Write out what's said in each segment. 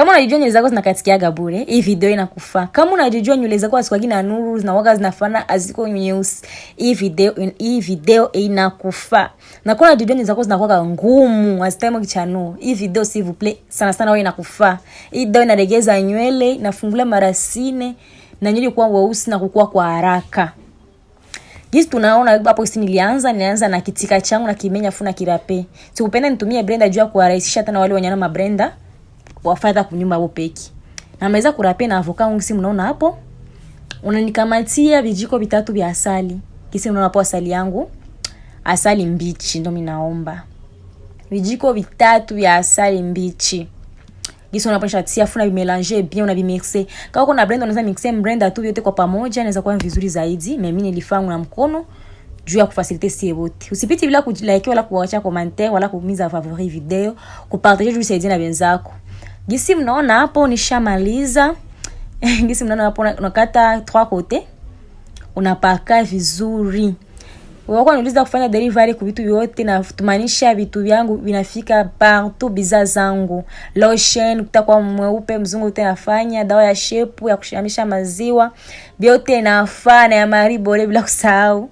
Kama unajijua nywele zako zinakatikiaga bure, hii video inakufaa. Kama unajijua nywele zako hazikwagi na nuru na waga zinafana aziko nyeusi, hii video hii video inakufaa. Na kama unajijua nywele zako zinakuwa ngumu, hazitaki kichanuo, hii video s'il vous plait sana sana wewe inakufaa. Hii video inaregeza nywele, inafungula mara sine na nywele kuwa weusi na kukua kwa haraka. Jinsi tunaona hapo sisi nilianza nilianza na kitika changu na kimenya funa kirape. Sikupenda nitumie blender juu ya kuwarahisisha hata wale wanyama mabrenda wafadha kunyuma hapo peki. Na maweza kurapia na avoka si mnaona hapo. Unanikamatia vijiko vitatu vya asali. Kisi mnaona hapo asali yangu. Asali mbichi ndo minaomba. Vijiko vitatu vya asali mbichi. Kisi unaponisha tia funa bimelange bien una bimixer. Kama kuna blender unaweza mixer blender tu yote kwa pamoja inaweza kuwa vizuri zaidi. Mimi nilifanya na mkono juu ya kufasilite sie wote. Usipiti bila kulike wala kuacha commentaire wala kumiza favori video, kupartager juu saidia na wenzako. Gisi mnaona hapo nishamaliza. Gisi mnaona hapo nakata trois côté Unapaka vizuri. Wako niuliza kufanya delivery kwa vitu vyote na tumaanisha vitu vyangu vinafika partout, biza zangu. Lotion kutakuwa mweupe mzungu yote nafanya, dawa ya shepu ya kushamisha maziwa, vyote nafana ya ya maribore bila kusahau.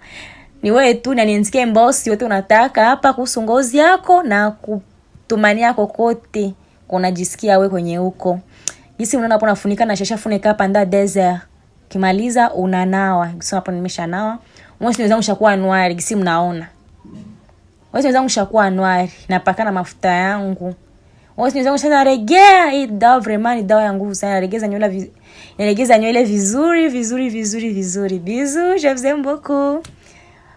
Ni wewe tu na nisikie mbosi yote unataka hapa kuhusu ngozi yako na kutumania kokote unajisikia we kwenye huko. Jinsi unaona hapo nafunika na shasha funika hapa nda desert. Kimaliza unanawa. Jinsi hapo nimesha nimeshanawa. Mwanzo wenzangu shakuwa anuari, jinsi mnaona. Mwanzo wenzangu shakuwa anuari, napaka na mafuta yangu. Mwanzo wenzangu shana regea, hii dawa vremani dawa ya nguvu sana. Regeza nywele vizuri. Regeza nywele vizuri, vizuri, vizuri, vizuri. bizu je vous aime beaucoup.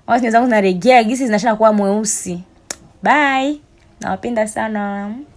Mwanzo wenzangu na regea, jinsi zinashana kuwa mweusi. Bye. Nawapenda sana.